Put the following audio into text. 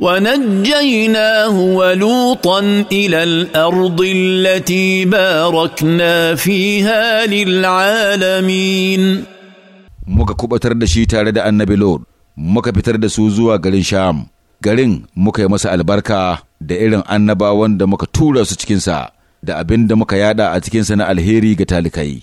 ونجيناه ولوطا الى الارض التي باركنا فيها للعالمين muka kubatar da shi tare da annabi lord muka fitar da su zuwa garin sham garin muka yi masa albarka da irin annabawan da muka tura su cikinsa da abin da muka yada a cikinsa na alheri ga talikai